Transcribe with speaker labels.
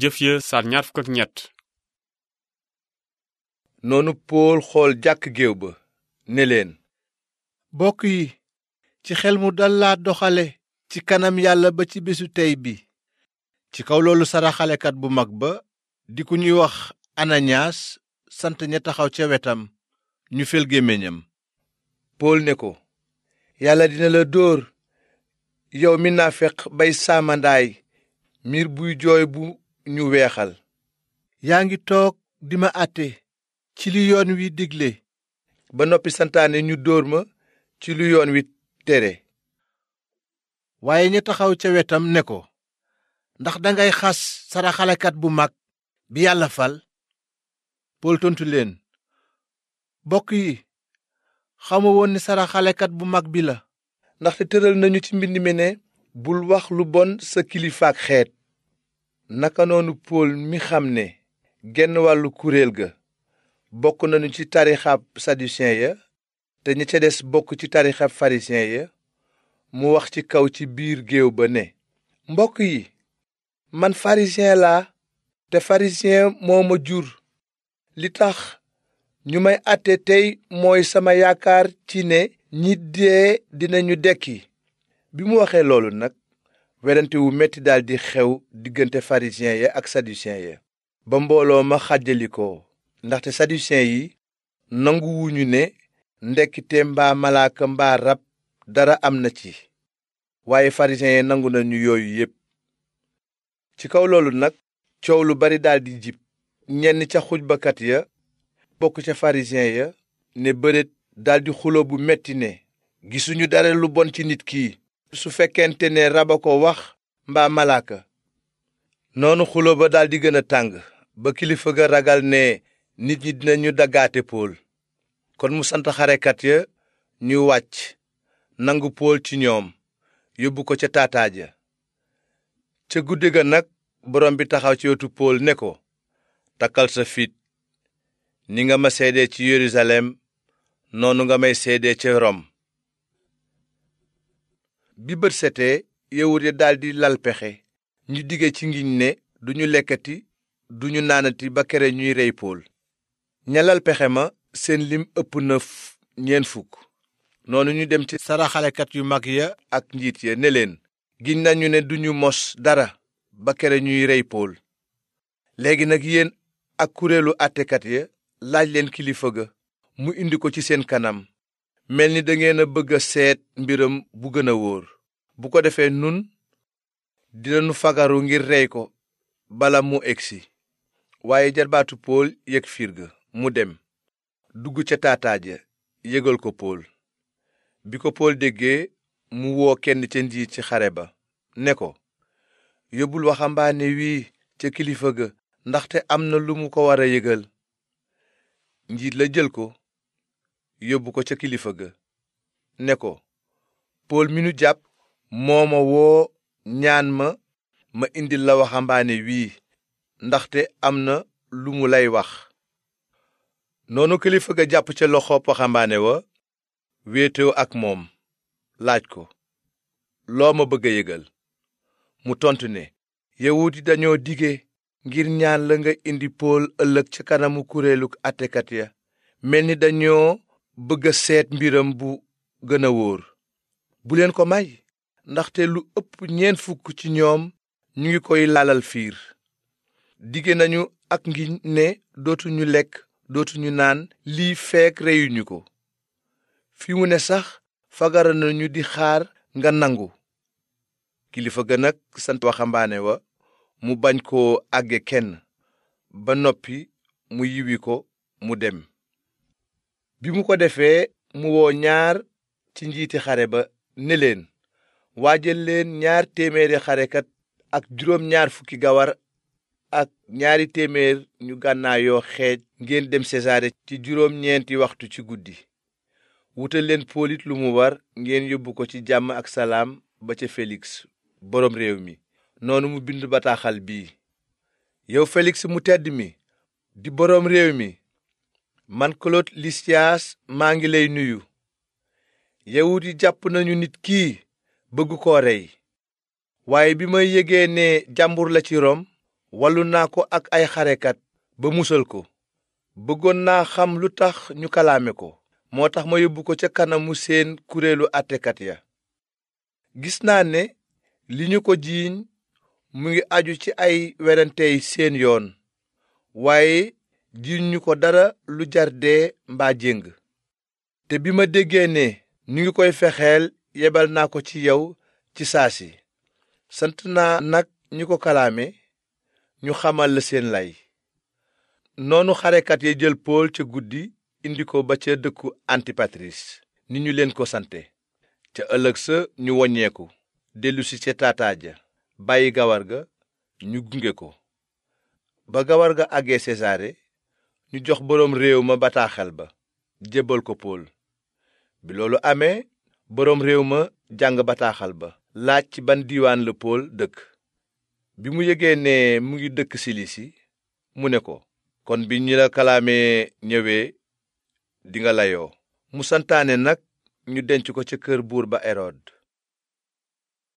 Speaker 1: jëf ya saar ñaar fukk noonu pool xool jàkk géew ba ne leen bokk yi ci xel mu dal la doxale ci kanam yàlla ba ci bésu tey bi ci kaw loolu saraxalekat bu mag ba di ku ñuy wax ananiyaas sant ña taxaw ca wetam ñu fel gémmiñam pool ne ko yàlla dina la dóor yow mi naafeq bay saamandaay miir buy jooy bu ñu weexal yaa ngi toog di ma àtte ci li yoon wi digle ba noppi santaane ñu dóor ma ci lu yoon wi tere waaye ña taxaw ca wetam ne ko ndax dangay xas saraxalekat bu mag bi yàlla fal Pool tontu leen bokk yi xamu woon ne saraxalekat bu mag bi la ndaxte tëral nañu ci mbind mi ne bul wax lu bon sa kilifaak xeet naka noonu pool mi xam ne genn wàllu kuréel ga bokk nañu ci tarixab saducéen ya te ñi ca des bokk ci tarixab pharisien ya mu wax ci kaw ci biir géew ba ne mbokk yi man pharisien laa te pharisien moo ma jur li tax ñu may àtte tey mooy sama yaakaar ci ne ñi dinañu dekki bi mu waxee loolu nag werante wu dal di xew diggante pharisiens ya ak saducéens ya ba mbooloo ma xàjjalikoo ndaxte saducéens yi nanguwuñu ne ndekkite mbaa malaaka mbaa rab dara am na ci waaye pharisiens yi nangu nañu yooyu yépp ci kaw loolu nag coow lu bari di jib ñenn ca xujbakat ya bokk ca pharisiens ya ne bëreet daldi xuloo bu metti ne gisuñu dara lu bon ci nit ki su fekkente ne raba ko wax mbaa malaaka noonu xulo ba daldi gën a tàng ba kilifa ga ragal ne nit ñi dinañu daggaate pool kon mu sant xarekat ya ñu wàcc nangu pool ci ñoom yóbbu ko ca taataaja ca guddi ga nag borom bi taxaw ci wetu pool ne ko takkal sa fit ni nga ma seede ci yerusalem noonu nga may seede ca rom bi bët setee yawut ya daldi lal pexe ñu digge ci ngiñ ne duñu lekkati duñu naanati ba kere ñuy rey pool ña lal pexe ma seen lim ëpp na ñeent fukk noonu ñu dem ci saraxalekat yu mag ya ak njiit ya ne leen giñ nañu ne duñu mos dara ba kere ñuy rey pool léegi nag yéen ak kuréelu àttekat ya laaj leen kilifa ga mu indi ko ci seen kanam mel ni dangeen a bëgg seet mbiram bu gën a wóor bu ko defee nun dinañu fagaru ngir rey ko bala mu egsi waaye jarbaatu pool yëg firga mu dem dugg ca taataaja yëgal ko pool bi ko pool déggee mu woo kenn ca njiit ci xare ba ne ko yóbbul waxambaane wii ca kilifa ga ndaxte am na lu mu ko war a yëgal njiit la jël ko yóbbu ko ca kilifa ga ne ko pool mi nu jàpp mooma woo ñaan ma ma indi la waxambaane wii ndaxte am na lu mu lay wax noonu kilifa ga jàpp ca loxo waxambaane wa wéetoo ak moom laaj ko loo ma bëgg a yëgal mu tontu ne yawut yi dañoo dige ngir ñaan la nga indi pool ëllëg ca kanamu kuréelu àttekat ya mel ni dañoo bëgg a seet mbiram bu gën a wóor bu leen ko may ndaxte lu ëpp ñeent fukk ci ñoom ñu ngi koy lalal fiir dige nañu ak ngi ne dootuñu lekk dootuñu naan lii feek reyuñu ko fi mu ne sax fagara nañu di xaar nga nangu kilifa ga nag sant waxambaane wa mu bañ koo àgge kenn ba noppi mu yiwi ko mu dem bi mu ko defee mu woo ñaar ci njiiti xare ba ne leen waajal leen ñaar téeméeri xarekat ak juróom ñaar fukki gawar ak ñaari téeméer ñu gànnaayoo xeej ngeen dem Sesaare ci juróom ñeenti waxtu ci guddi wutal leen poolit lu mu war ngeen yóbbu ko ci jàmm ak salaam ba ca Feliks boroom réew mi noonu mu bind bataaxal bi yow Feliks mu tedd mi di boroom réew mi man Claude Lysias maa ngi lay nuyu yawut yi jàpp nañu nit kii bëgg koo rey waaye bi may yégee ne jàmbur la ci Rom wallu naa ko ak ay xarekat ba musal ko bëggoon naa xam lu tax ñu kalaame ko moo tax ma yóbbu ko ca kanamu seen kuréelu àttekat ya gis naa ne li ñu ko jiiñ mu ngi aju ci ay werantey seen yoon waaye jiñ ñu ko dara lu jar dee mbaa jéng te bi ma déggeene ne ñu ngi koy fexeel yebal naa ko ci yow ci saa si sant naa nag ñu ko kalaame ñu xamal la seen lay noonu xarekat ya jël pool ca guddi indi ko ba ca dëkku antipatris ni ñu leen ko sante ca ëllëg sa ñu woññeeku dellusi ca taataaja bàyyi gawar ga ñu gunge ko ba gawar ga àggee sesaare ñu jox boroom réew ma bataaxal ba jébbal ko pool bi loolu amee boroom réew ma jàng bataaxal ba laaj ci ban diwaan la pool dëkk bi mu yëgee ne mu ngi dëkk silisi mu ne ko kon bi ñu la kalaamee ñëwee dinga layoo mu santaane nag ñu denc ko ca kër buur ba erod